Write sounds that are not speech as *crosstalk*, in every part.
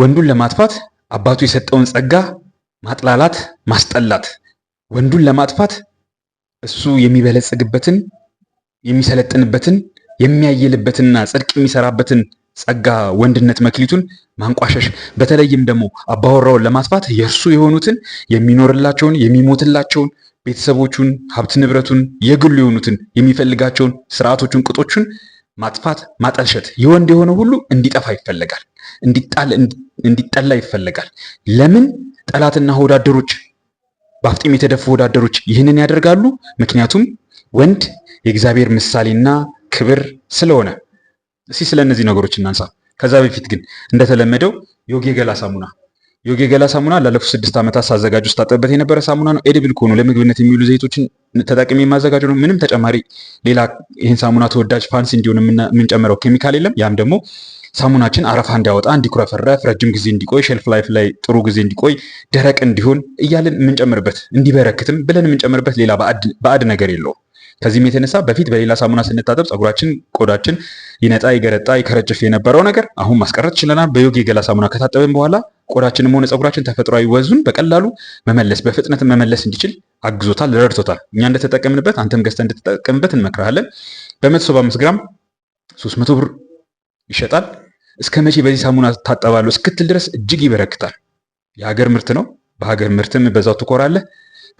ወንዱን ለማጥፋት አባቱ የሰጠውን ጸጋ ማጥላላት፣ ማስጠላት ወንዱን ለማጥፋት እሱ የሚበለጽግበትን የሚሰለጥንበትን የሚያየልበትንና ጽድቅ የሚሰራበትን ጸጋ ወንድነት መክሊቱን ማንቋሸሽ፣ በተለይም ደግሞ አባወራውን ለማጥፋት የእርሱ የሆኑትን የሚኖርላቸውን የሚሞትላቸውን ቤተሰቦቹን ሀብት ንብረቱን የግሉ የሆኑትን የሚፈልጋቸውን ስርዓቶቹን ቅጦቹን ማጥፋት ማጠልሸት የወንድ የሆነ ሁሉ እንዲጠፋ ይፈለጋል፣ እንዲጠላ ይፈለጋል። ለምን ጠላትና ወዳደሮች በአፍጢም የተደፉ ወዳደሮች ይህንን ያደርጋሉ? ምክንያቱም ወንድ የእግዚአብሔር ምሳሌና ክብር ስለሆነ። እስኪ ስለ እነዚህ ነገሮች እናንሳ። ከዛ በፊት ግን እንደተለመደው ዮጊ የገላ ሳሙና ዮጊ የገላ ሳሙና ላለፉት ስድስት ዓመታት ሳዘጋጅ ውስጥ ታጠበት የነበረ ሳሙና ነው። ኤድብል ከሆኑ ለምግብነት የሚውሉ ዘይቶችን ተጠቅሚ የማዘጋጀው ነው። ምንም ተጨማሪ ሌላ ይህን ሳሙና ተወዳጅ ፋንስ እንዲሆን የምንጨምረው ኬሚካል የለም። ያም ደግሞ ሳሙናችን አረፋ እንዲያወጣ፣ እንዲኩረፈረፍ፣ ረጅም ጊዜ እንዲቆይ፣ ሼልፍ ላይፍ ላይ ጥሩ ጊዜ እንዲቆይ፣ ደረቅ እንዲሆን እያለን የምንጨምርበት እንዲበረክትም ብለን የምንጨምርበት ሌላ ባዕድ ነገር የለውም። ከዚህም የተነሳ በፊት በሌላ ሳሙና ስንታጠብ ፀጉራችን፣ ቆዳችን ይነጣ፣ ይገረጣ፣ ይከረጭፍ የነበረው ነገር አሁን ማስቀረት ችለናል። በዮጊ የገላ ሳሙና ከታጠብን በኋላ ቆዳችንም ሆነ ፀጉራችን ተፈጥሯዊ ወዙን በቀላሉ መመለስ በፍጥነት መመለስ እንዲችል አግዞታል፣ ረድቶታል። እኛ እንደተጠቀምንበት አንተም ገዝተህ እንድትጠቀምበት እንመክርሃለን። በ175 ግራም 300 ብር ይሸጣል። እስከ መቼ በዚህ ሳሙና ታጠባለሁ እስክትል ድረስ እጅግ ይበረክታል። የሀገር ምርት ነው። በሀገር ምርትም በዛው ትኮራለህ።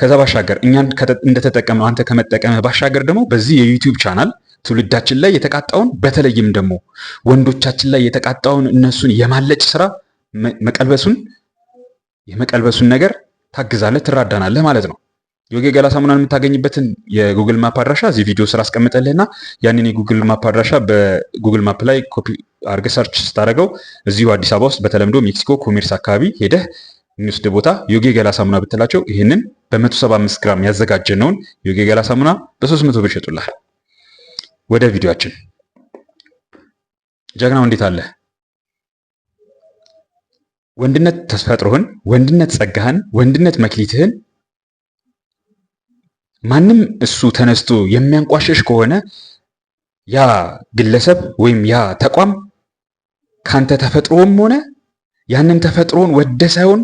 ከዛ ባሻገር እኛን እንደተጠቀምነው አንተ ከመጠቀመ ባሻገር ደግሞ በዚህ የዩቲዩብ ቻናል ትውልዳችን ላይ የተቃጣውን በተለይም ደግሞ ወንዶቻችን ላይ የተቃጣውን እነሱን የማለጭ ስራ መቀልበሱን የመቀልበሱን ነገር ታግዛለህ፣ ትራዳናለህ ማለት ነው። ዮጊ ገላ ሳሙናን የምታገኝበትን የጉግል ማፕ አድራሻ እዚህ ቪዲዮ ስራ አስቀምጠልህና ያንን የጉግል ማፕ አድራሻ በጉግል ማፕ ላይ ኮፒ አርገ ሰርች ስታደረገው እዚሁ አዲስ አበባ ውስጥ በተለምዶ ሜክሲኮ ኮሜርስ አካባቢ ሄደህ የሚወስድ ቦታ ዮጊ ገላ ሳሙና ብትላቸው ይህንን በ175 ግራም ያዘጋጀነውን ዮጊ ገላ ሳሙና በ300 ብር ይሸጡልሃል። ወደ ቪዲዮችን ጀግናው እንዴት አለ? ወንድነት ተፈጥሮህን፣ ወንድነት ጸጋህን፣ ወንድነት መክሊትህን ማንም እሱ ተነስቶ የሚያንቋሸሽ ከሆነ ያ ግለሰብ ወይም ያ ተቋም ካንተ ተፈጥሮም ሆነ ያንን ተፈጥሮን ወደ ሳይሆን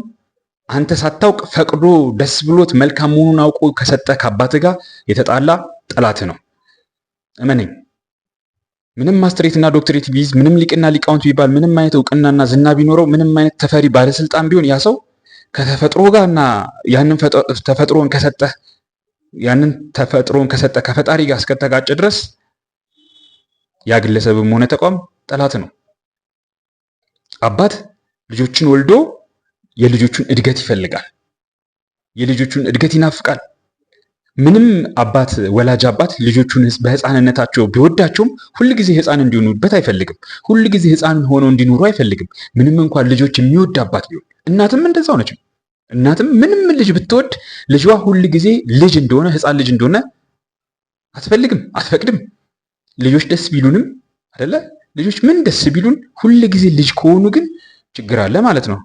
አንተ ሳታውቅ ፈቅዶ ደስ ብሎት መልካም መሆኑን አውቆ ከሰጠ ከአባት ጋር የተጣላ ጠላት ነው። እመነኝ። ምንም ማስተሬትና ዶክትሬት ቢይዝ ምንም ሊቅና ሊቃውንት ቢባል ምንም አይነት እውቅናና ዝና ቢኖረው ምንም አይነት ተፈሪ ባለስልጣን ቢሆን ያ ሰው ከተፈጥሮ ጋር እና ያንን ተፈጥሮን ከሰጠ ያንን ተፈጥሮን ከሰጠ ከፈጣሪ ጋር እስከተጋጨ ድረስ ያ ግለሰብም ሆነ ተቋም ጠላት ነው። አባት ልጆችን ወልዶ የልጆቹን እድገት ይፈልጋል። የልጆቹን እድገት ይናፍቃል። ምንም አባት ወላጅ አባት ልጆቹን በህፃንነታቸው ቢወዳቸውም ጊዜ ህፃን እንዲሆኑበት አይፈልግም። ጊዜ ህፃን ሆኖ እንዲኖሩ አይፈልግም። ምንም እንኳን ልጆች የሚወድ አባት ቢሆን፣ እናትም እንደዛው ነች። እናትም ምንም ልጅ ብትወድ ልጇ ጊዜ ልጅ እንደሆነ ህፃን ልጅ እንደሆነ አትፈልግም፣ አትፈቅድም። ልጆች ደስ ቢሉንም አደለ ልጆች ምን ደስ ቢሉን፣ ጊዜ ልጅ ከሆኑ ግን ችግር አለ ማለት ነው።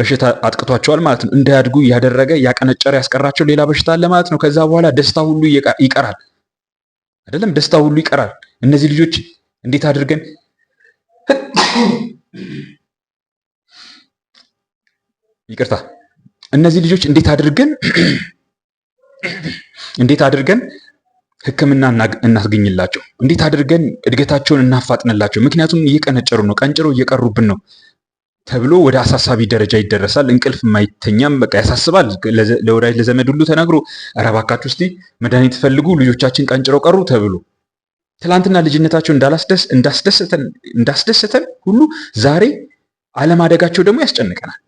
በሽታ አጥቅቷቸዋል ማለት ነው። እንዳያድጉ ያደረገ ያቀነጨረ ያስቀራቸው ሌላ በሽታ አለ ማለት ነው። ከዛ በኋላ ደስታ ሁሉ ይቀራል አይደለም፣ ደስታ ሁሉ ይቀራል። እነዚህ ልጆች እንዴት አድርገን *coughs* ይቅርታ፣ እነዚህ ልጆች እንዴት አድርገን *coughs* እንዴት አድርገን ሕክምና እናስገኝላቸው? እንዴት አድርገን እድገታቸውን እናፋጥንላቸው? ምክንያቱም እየቀነጨሩ ነው፣ ቀንጭሮ እየቀሩብን ነው። ተብሎ ወደ አሳሳቢ ደረጃ ይደረሳል። እንቅልፍ የማይተኛም በቃ ያሳስባል። ለወዳጅ ለዘመድ ሁሉ ተናግሮ ኧረ እባካችሁ እስኪ መድኃኒት ፈልጉ ልጆቻችን ቀንጭረው ቀሩ ተብሎ ትላንትና ልጅነታቸው እንዳስደሰተን ሁሉ ዛሬ አለማደጋቸው ደግሞ ያስጨንቀናል።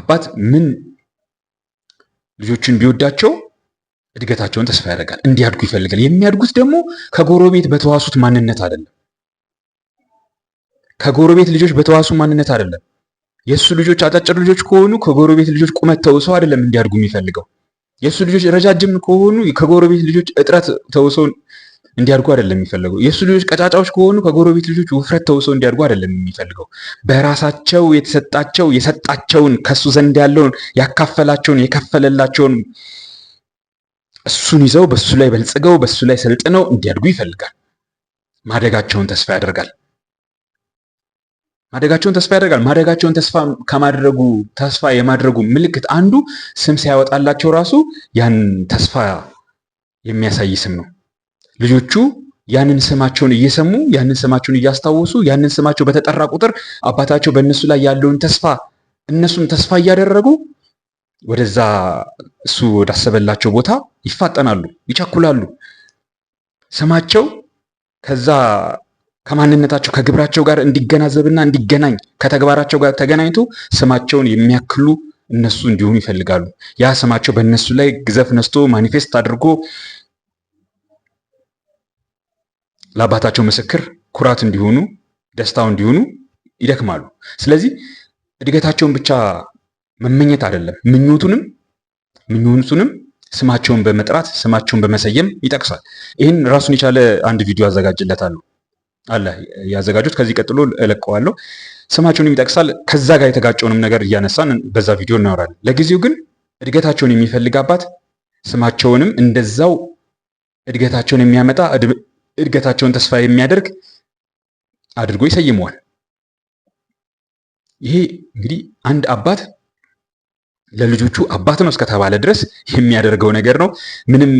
አባት ምን ልጆችን ቢወዳቸው እድገታቸውን ተስፋ ያደርጋል፣ እንዲያድጉ ይፈልጋል። የሚያድጉት ደግሞ ከጎረቤት በተዋሱት ማንነት አይደለም ከጎረቤት ልጆች በተዋሱ ማንነት አይደለም። የእሱ ልጆች አጫጭር ልጆች ከሆኑ ከጎረቤት ልጆች ቁመት ተውሰው አይደለም እንዲያድጉ የሚፈልገው። የእሱ ልጆች ረጃጅም ከሆኑ ከጎረቤት ልጆች እጥረት ተውሰው እንዲያድጉ አይደለም የሚፈልገው። የእሱ ልጆች ቀጫጫዎች ከሆኑ ከጎረቤት ልጆች ውፍረት ተውሰው እንዲያድጉ አይደለም የሚፈልገው። በራሳቸው የተሰጣቸው የሰጣቸውን ከእሱ ዘንድ ያለውን ያካፈላቸውን የከፈለላቸውን እሱን ይዘው በእሱ ላይ በልጽገው በእሱ ላይ ሰልጥነው እንዲያድጉ ይፈልጋል። ማደጋቸውን ተስፋ ያደርጋል። ማደጋቸውን ተስፋ ያደርጋል። ማደጋቸውን ተስፋ ከማድረጉ ተስፋ የማድረጉ ምልክት አንዱ ስም ሲያወጣላቸው ራሱ ያን ተስፋ የሚያሳይ ስም ነው። ልጆቹ ያንን ስማቸውን እየሰሙ ያንን ስማቸውን እያስታወሱ ያንን ስማቸው በተጠራ ቁጥር አባታቸው በእነሱ ላይ ያለውን ተስፋ እነሱም ተስፋ እያደረጉ ወደዛ እሱ ወዳሰበላቸው ቦታ ይፋጠናሉ፣ ይቸኩላሉ። ስማቸው ከዛ ከማንነታቸው ከግብራቸው ጋር እንዲገናዘብና እንዲገናኝ ከተግባራቸው ጋር ተገናኝቶ ስማቸውን የሚያክሉ እነሱ እንዲሆኑ ይፈልጋሉ። ያ ስማቸው በእነሱ ላይ ግዘፍ ነስቶ ማኒፌስት አድርጎ ለአባታቸው ምስክር ኩራት እንዲሆኑ፣ ደስታው እንዲሆኑ ይደክማሉ። ስለዚህ እድገታቸውን ብቻ መመኘት አይደለም፣ ምኞቱንም ምኞቱንም ስማቸውን በመጥራት ስማቸውን በመሰየም ይጠቅሳል። ይህን ራሱን የቻለ አንድ ቪዲዮ አዘጋጅለታለሁ። አለ ያዘጋጁት። ከዚህ ቀጥሎ እለቀዋለሁ፣ ስማቸውን ይጠቅሳል። ከዛ ጋር የተጋጨውንም ነገር እያነሳን በዛ ቪዲዮ እናወራለን። ለጊዜው ግን እድገታቸውን የሚፈልግ አባት ስማቸውንም እንደዛው እድገታቸውን የሚያመጣ እድገታቸውን ተስፋ የሚያደርግ አድርጎ ይሰይመዋል። ይሄ እንግዲህ አንድ አባት ለልጆቹ አባት ነው እስከተባለ ድረስ የሚያደርገው ነገር ነው። ምንም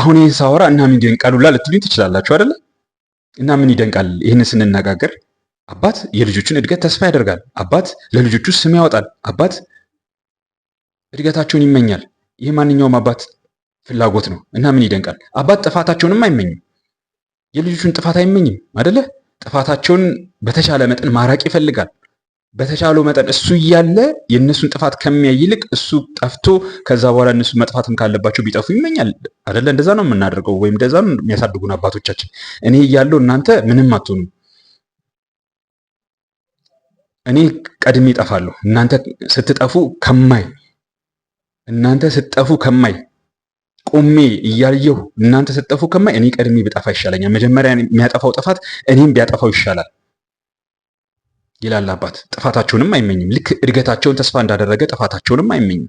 አሁን ይህን ሳወራ እና ምንድን ቃሉላ ልትሉኝ ትችላላችሁ አይደለም እና ምን ይደንቃል? ይህንን ስንነጋገር አባት የልጆቹን እድገት ተስፋ ያደርጋል። አባት ለልጆቹ ስም ያወጣል። አባት እድገታቸውን ይመኛል። ይህ ማንኛውም አባት ፍላጎት ነው እና ምን ይደንቃል? አባት ጥፋታቸውንም አይመኝም። የልጆቹን ጥፋት አይመኝም አደለ? ጥፋታቸውን በተቻለ መጠን ማራቅ ይፈልጋል። በተቻለው መጠን እሱ እያለ የእነሱን ጥፋት ከሚያይ ይልቅ እሱ ጠፍቶ ከዛ በኋላ እነሱ መጥፋትም ካለባቸው ቢጠፉ ይመኛል አደለ? እንደዛ ነው የምናደርገው፣ ወይም እንደዛ የሚያሳድጉን አባቶቻችን። እኔ እያለው እናንተ ምንም አትሆኑ፣ እኔ ቀድሜ ይጠፋለሁ እናንተ ስትጠፉ ከማይ እናንተ ስትጠፉ ከማይ ቁሜ እያየሁ እናንተ ስትጠፉ ከማይ እኔ ቀድሜ ብጠፋ ይሻለኛል። መጀመሪያ የሚያጠፋው ጥፋት እኔም ቢያጠፋው ይሻላል። ይላል አባት። ጥፋታቸውንም አይመኝም። ልክ እድገታቸውን ተስፋ እንዳደረገ ጥፋታቸውንም አይመኝም።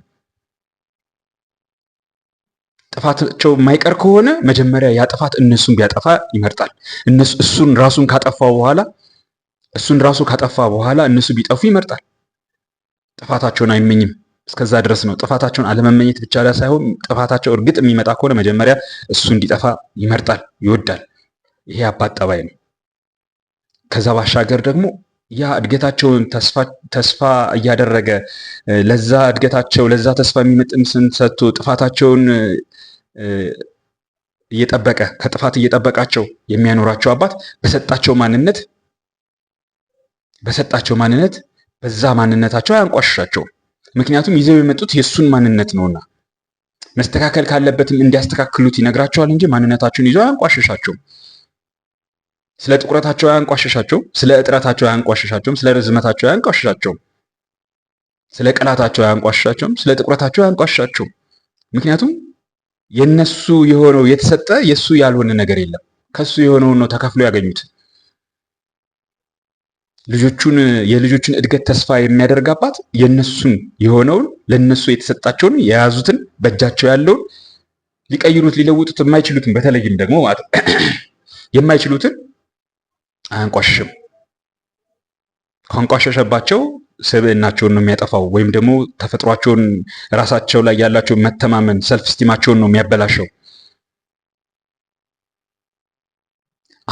ጥፋታቸው የማይቀር ከሆነ መጀመሪያ ያ ጥፋት እነሱን ቢያጠፋ ይመርጣል። እሱን ራሱን ካጠፋ በኋላ እሱን ራሱ ካጠፋ በኋላ እነሱ ቢጠፉ ይመርጣል። ጥፋታቸውን አይመኝም። እስከዛ ድረስ ነው። ጥፋታቸውን አለመመኘት ብቻ ላይ ሳይሆን ጥፋታቸው እርግጥ የሚመጣ ከሆነ መጀመሪያ እሱ እንዲጠፋ ይመርጣል፣ ይወዳል። ይሄ አባት ጠባይ ነው። ከዛ ባሻገር ደግሞ ያ እድገታቸውን ተስፋ እያደረገ ለዛ እድገታቸው ለዛ ተስፋ የሚመጥን ስም ሰጥቶ ጥፋታቸውን እየጠበቀ ከጥፋት እየጠበቃቸው የሚያኖራቸው አባት በሰጣቸው ማንነት በሰጣቸው ማንነት በዛ ማንነታቸው አያንቋሽሻቸውም። ምክንያቱም ይዘው የመጡት የእሱን ማንነት ነውና መስተካከል ካለበትም እንዲያስተካክሉት ይነግራቸዋል እንጂ ማንነታቸውን ይዘው አያንቋሽሻቸውም። ስለ ጥቁረታቸው አያንቋሸሻቸውም፣ ስለ እጥረታቸው አያንቋሸሻቸውም፣ ስለ ርዝመታቸው አያንቋሸሻቸውም፣ ስለ ቀላታቸው አያንቋሸሻቸውም፣ ስለ ጥቁረታቸው አያንቋሸሻቸውም። ምክንያቱም የነሱ የሆነው የተሰጠ የእሱ ያልሆነ ነገር የለም። ከሱ የሆነውን ነው ተከፍሎ ያገኙት። ልጆቹን የልጆቹን እድገት ተስፋ የሚያደርግ አባት የነሱን የሆነውን ለነሱ የተሰጣቸውን የያዙትን በእጃቸው ያለውን ሊቀይሩት ሊለውጡት የማይችሉትን በተለይም ደግሞ *clears throat* የማይችሉትን አያንቋሽሽም። ካንቋሸሸባቸው ስብዕናቸውን ነው የሚያጠፋው፣ ወይም ደግሞ ተፈጥሯቸውን ራሳቸው ላይ ያላቸውን መተማመን ሰልፍ ስቲማቸውን ነው የሚያበላሸው።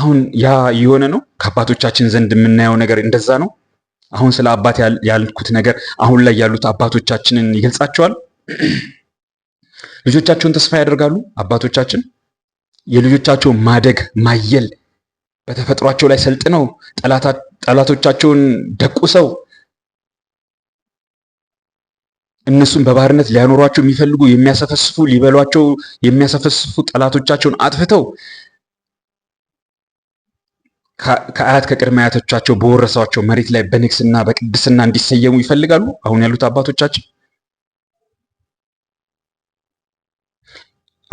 አሁን ያ የሆነ ነው ከአባቶቻችን ዘንድ የምናየው ነገር እንደዛ ነው። አሁን ስለ አባት ያልኩት ነገር አሁን ላይ ያሉት አባቶቻችንን ይገልጻቸዋል። ልጆቻቸውን ተስፋ ያደርጋሉ። አባቶቻችን የልጆቻቸውን ማደግ ማየል በተፈጥሯቸው ላይ ሰልጥነው ጠላቶቻቸውን ደቁሰው እነሱን በባርነት ሊያኖሯቸው የሚፈልጉ የሚያሰፈስፉ ሊበሏቸው የሚያሰፈስፉ ጠላቶቻቸውን አጥፍተው ከአያት ከቅድመ አያቶቻቸው በወረሷቸው መሬት ላይ በንግስና በቅድስና እንዲሰየሙ ይፈልጋሉ አሁን ያሉት አባቶቻችን።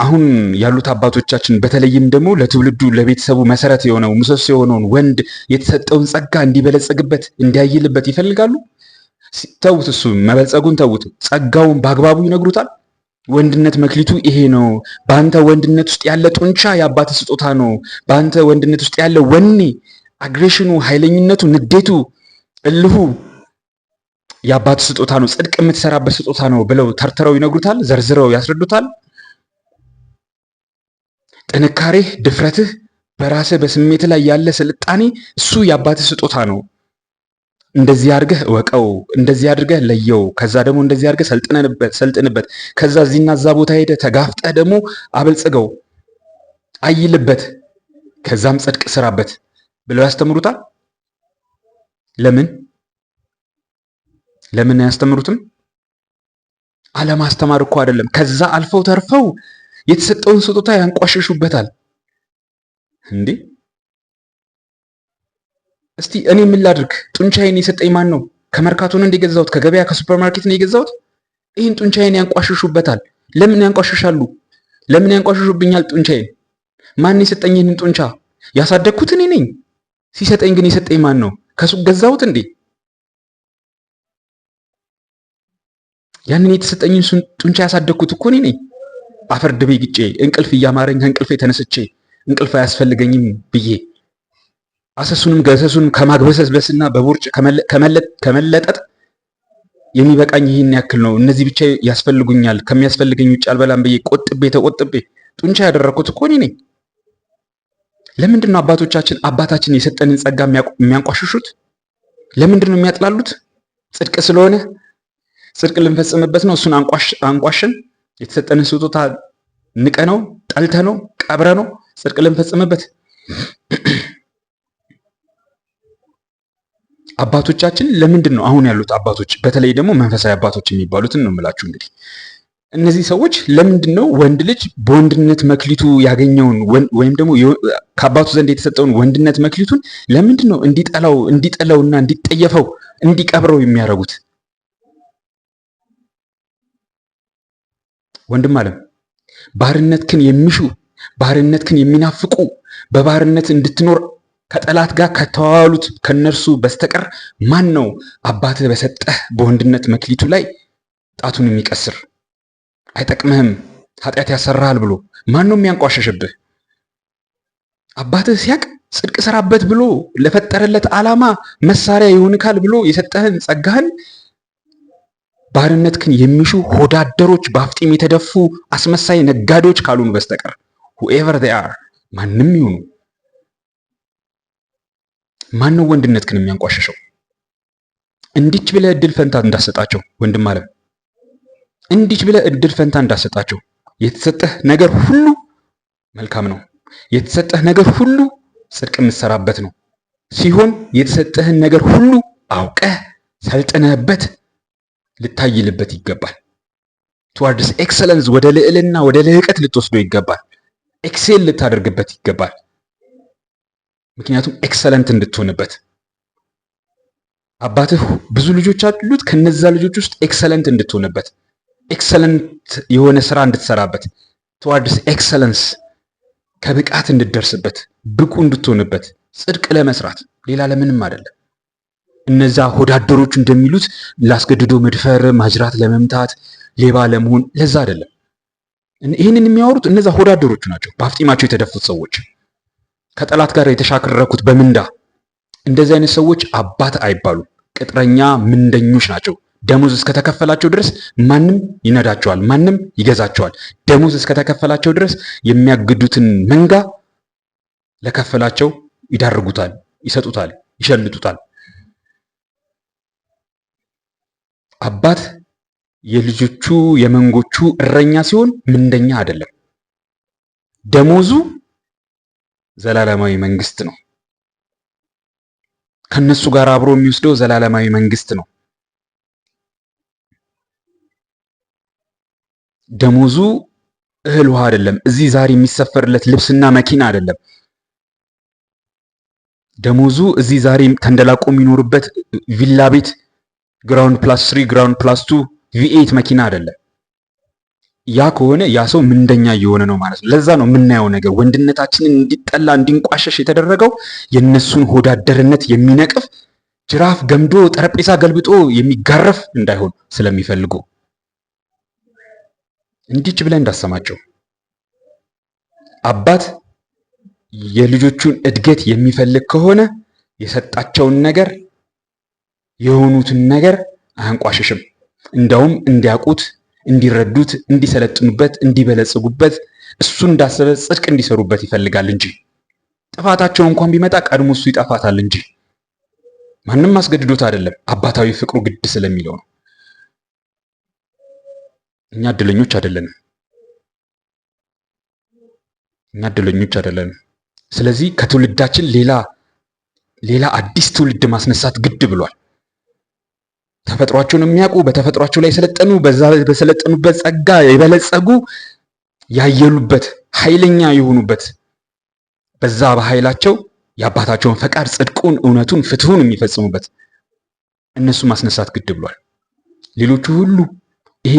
አሁን ያሉት አባቶቻችን በተለይም ደግሞ ለትውልዱ ለቤተሰቡ መሰረት የሆነው ምሰሶ የሆነውን ወንድ የተሰጠውን ጸጋ እንዲበለጸግበት እንዲያይልበት ይፈልጋሉ። ተዉት፣ እሱ መበልጸጉን ተዉት። ጸጋውን በአግባቡ ይነግሩታል። ወንድነት መክሊቱ ይሄ ነው። በአንተ ወንድነት ውስጥ ያለ ጡንቻ የአባት ስጦታ ነው። በአንተ ወንድነት ውስጥ ያለ ወኔ፣ አግሬሽኑ፣ ኃይለኝነቱ፣ ንዴቱ፣ እልሁ የአባት ስጦታ ነው። ጽድቅ የምትሰራበት ስጦታ ነው ብለው ተርትረው ይነግሩታል፣ ዘርዝረው ያስረዱታል። ጥንካሬህ፣ ድፍረትህ፣ በራስህ በስሜት ላይ ያለ ስልጣኔ እሱ የአባትህ ስጦታ ነው። እንደዚህ አድርገህ እወቀው፣ እንደዚህ አድርገህ ለየው፣ ከዛ ደግሞ እንደዚህ አድርገህ ሰልጥነንበት ሰልጥንበት፣ ከዛ እዚህና እዛ ቦታ ሄደህ ተጋፍጠህ ደግሞ አበልጽገው፣ አይልበት፣ ከዛም ጽድቅ ስራበት ብለው ያስተምሩታል። ለምን ለምን አያስተምሩትም? አለማስተማር እኮ አይደለም። ከዛ አልፈው ተርፈው የተሰጠውን ስጦታ ያንቋሸሹበታል። እንዴ እስቲ እኔ ምን ላድርግ? ጡንቻዬን የሰጠኝ ማን ነው? ከመርካቶን እንደ የገዛሁት ከገበያ ከሱፐርማርኬት ነው የገዛሁት። ይህን ጡንቻዬን ያንቋሸሹበታል። ለምን ያንቋሸሻሉ? ለምን ያንቋሸሹብኛል ጡንቻዬን? ማን የሰጠኝ ጡንቻ? ያሳደግኩት እኔ ነኝ። ሲሰጠኝ ግን የሰጠኝ ማን ነው? ከሱቅ ገዛሁት እንዴ? ያንን የተሰጠኝን ጡንቻ ያሳደግኩት እኮ እኔ ነኝ። አፈር ድቤ ግጬ እንቅልፍ እያማረኝ ከእንቅልፌ ተነስቼ እንቅልፍ አያስፈልገኝም ብዬ አሰሱንም ገሰሱንም ከማግበሰስበስና በቦርጭ ከመለጠጥ የሚበቃኝ ይህን ያክል ነው። እነዚህ ብቻ ያስፈልጉኛል፣ ከሚያስፈልገኝ ውጭ አልበላም ብዬ ቆጥቤ ተቆጥቤ ጡንቻ ያደረግኩት እኮ እኔ ነኝ። ለምንድን ነው አባቶቻችን አባታችን የሰጠንን ጸጋ የሚያንቋሽሹት? ለምንድን ነው የሚያጥላሉት? ጽድቅ ስለሆነ ጽድቅ ልንፈጽምበት ነው። እሱን አንቋሽን የተሰጠንን ስጦታ ንቀ ነው፣ ጠልተ ነው፣ ቀብረ ነው፣ ጽድቅ ልንፈጽምበት አባቶቻችን ለምንድን ነው አሁን ያሉት አባቶች በተለይ ደግሞ መንፈሳዊ አባቶች የሚባሉትን ነው የምላችሁ። እንግዲህ እነዚህ ሰዎች ለምንድን ነው ወንድ ልጅ በወንድነት መክሊቱ ያገኘውን ወይም ደግሞ ከአባቱ ዘንድ የተሰጠውን ወንድነት መክሊቱን ለምንድን ነው እንዲጠላው እንዲጠላውና እንዲጠየፈው እንዲቀብረው የሚያደርጉት? ወንድም አለም ባርነትክን የሚሹ ባርነትክን የሚናፍቁ በባርነት እንድትኖር ከጠላት ጋር ከተዋዋሉት ከነርሱ በስተቀር ማን ነው አባትህ በሰጠህ በወንድነት መክሊቱ ላይ ጣቱን የሚቀስር? አይጠቅምህም፣ ኃጢአት ያሰራሃል ብሎ ማን ነው የሚያንቋሸሽብህ? አባትህ ሲያቅ ጽድቅ ስራበት ብሎ ለፈጠረለት ዓላማ መሳሪያ ይሆንካል ብሎ የሰጠህን ጸጋህን ባርነት ክን የሚሹ ሆዳደሮች፣ በአፍጢም የተደፉ አስመሳይ ነጋዴዎች ካሉን በስተቀር ሁኤቨር ዜይ አር ማንም ይሁኑ ማን ነው ወንድነት ክን የሚያንቋሸሸው? እንዲች ብለ እድል ፈንታ እንዳሰጣቸው ወንድም አለም እንዲች ብለ እድል ፈንታ እንዳሰጣቸው። የተሰጠህ ነገር ሁሉ መልካም ነው። የተሰጠህ ነገር ሁሉ ጽድቅ የምትሰራበት ነው ሲሆን የተሰጠህን ነገር ሁሉ አውቀህ ሰልጥነህበት ልታይልበት ይገባል። ቱዋርድስ ኤክሰለንስ ወደ ልዕልና ወደ ልህቀት ልትወስዶ ይገባል። ኤክሴል ልታደርግበት ይገባል። ምክንያቱም ኤክሰለንት እንድትሆንበት አባትህ ብዙ ልጆች አሉት። ከነዛ ልጆች ውስጥ ኤክሰለንት እንድትሆንበት ኤክሰለንት የሆነ ስራ እንድትሰራበት ቱዋርድስ ኤክሰለንስ ከብቃት እንድትደርስበት ብቁ እንድትሆንበት ጽድቅ ለመስራት ሌላ ለምንም አይደለም። እነዛ ሆዳደሮች እንደሚሉት ላስገድዶ መድፈር፣ ማጅራት ለመምታት፣ ሌባ ለመሆን ለዛ አይደለም። ይህንን የሚያወሩት እነዛ ሆዳደሮቹ ናቸው። በአፍጢማቸው የተደፉት ሰዎች፣ ከጠላት ጋር የተሻከረኩት በምንዳ እንደዚህ አይነት ሰዎች አባት አይባሉም። ቅጥረኛ ምንደኞች ናቸው። ደሞዝ እስከተከፈላቸው ድረስ ማንም ይነዳቸዋል፣ ማንም ይገዛቸዋል። ደሞዝ እስከተከፈላቸው ድረስ የሚያግዱትን መንጋ ለከፈላቸው ይዳርጉታል፣ ይሰጡታል፣ ይሸልጡታል። አባት የልጆቹ የመንጎቹ እረኛ ሲሆን ምንደኛ አይደለም። ደሞዙ ዘላለማዊ መንግስት ነው። ከነሱ ጋር አብሮ የሚወስደው ዘላለማዊ መንግስት ነው። ደሞዙ እህል ውሃ አይደለም። እዚህ ዛሬ የሚሰፈርለት ልብስና መኪና አይደለም። ደሞዙ እዚህ ዛሬ ተንደላቆ የሚኖርበት ቪላ ቤት ግራውንድ ፕላስ 3 ግራውንድ ፕላስ ቱ ቪኤት መኪና አይደለም። ያ ከሆነ ያ ሰው ምንደኛ እየሆነ ነው ማለት ነው። ለዛ ነው የምናየው ነገር ወንድነታችንን እንዲጠላ እንዲንቋሸሽ የተደረገው የእነሱን ሆዳደርነት የሚነቅፍ ጅራፍ ገምዶ ጠረጴዛ ገልብጦ የሚጋረፍ እንዳይሆን ስለሚፈልጉ እንዲች ብለን እንዳሰማቸው አባት የልጆቹን እድገት የሚፈልግ ከሆነ የሰጣቸውን ነገር የሆኑትን ነገር አያንቋሽሽም። እንደውም እንዲያውቁት፣ እንዲረዱት፣ እንዲሰለጥኑበት፣ እንዲበለጽጉበት እሱ እንዳሰበ ጽድቅ እንዲሰሩበት ይፈልጋል እንጂ ጥፋታቸው እንኳን ቢመጣ ቀድሞ እሱ ይጠፋታል እንጂ ማንም አስገድዶት አይደለም። አባታዊ ፍቅሩ ግድ ስለሚለው ነው። እኛ እድለኞች አይደለንም። እኛ እድለኞች አይደለንም። ስለዚህ ከትውልዳችን ሌላ ሌላ አዲስ ትውልድ ማስነሳት ግድ ብሏል። ተፈጥሯቸውን የሚያውቁ በተፈጥሯቸው ላይ የሰለጠኑ በዛ በሰለጠኑበት ጸጋ የበለጸጉ ያየሉበት ኃይለኛ የሆኑበት በዛ በኃይላቸው የአባታቸውን ፈቃድ ጽድቁን፣ እውነቱን፣ ፍትሁን የሚፈጽሙበት እነሱ ማስነሳት ግድ ብሏል። ሌሎቹ ሁሉ ይሄ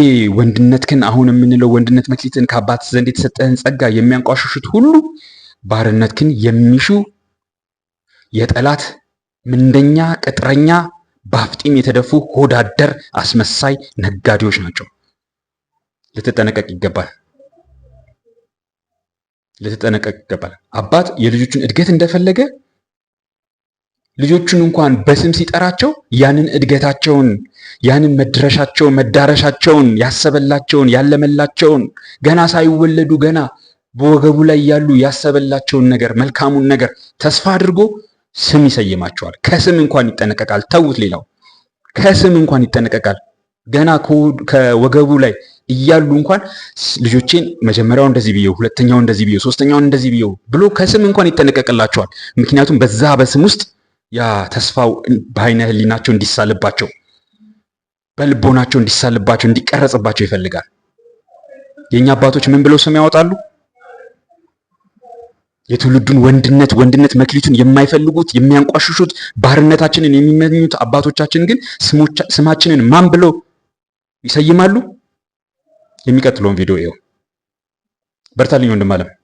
ክን አሁን የምንለው ወንድነት መክሊትን ከአባት ዘንድ የተሰጠህን ጸጋ የሚያንቋሽሹት ሁሉ ባርነትህን የሚሹ የጠላት ምንደኛ ቅጥረኛ በአፍጢም የተደፉ ሆዳደር አስመሳይ ነጋዴዎች ናቸው። ልትጠነቀቅ ይገባል። ልትጠነቀቅ ይገባል። አባት የልጆቹን እድገት እንደፈለገ ልጆቹን እንኳን በስም ሲጠራቸው ያንን እድገታቸውን ያንን መድረሻቸውን መዳረሻቸውን ያሰበላቸውን ያለመላቸውን ገና ሳይወለዱ ገና በወገቡ ላይ ያሉ ያሰበላቸውን ነገር መልካሙን ነገር ተስፋ አድርጎ ስም ይሰይማቸዋል። ከስም እንኳን ይጠነቀቃል። ተዉት፣ ሌላው ከስም እንኳን ይጠነቀቃል። ገና ከወገቡ ላይ እያሉ እንኳን ልጆቼን መጀመሪያው እንደዚህ ብየው፣ ሁለተኛው እንደዚህ ብየው፣ ሶስተኛው እንደዚህ ብየው ብሎ ከስም እንኳን ይጠነቀቅላቸዋል። ምክንያቱም በዛ በስም ውስጥ ያ ተስፋው በአይነ ህሊናቸው እንዲሳልባቸው፣ በልቦናቸው እንዲሳልባቸው፣ እንዲቀረጽባቸው ይፈልጋል። የእኛ አባቶች ምን ብለው ስም ያወጣሉ? የትውልዱን ወንድነት ወንድነት መክሊቱን የማይፈልጉት የሚያንቋሽሹት ባርነታችንን የሚመኙት አባቶቻችን ግን ስማችንን ማን ብለው ይሰይማሉ? የሚቀጥለውን ቪዲዮ ይኸው። በርታልኝ ወንድም አለም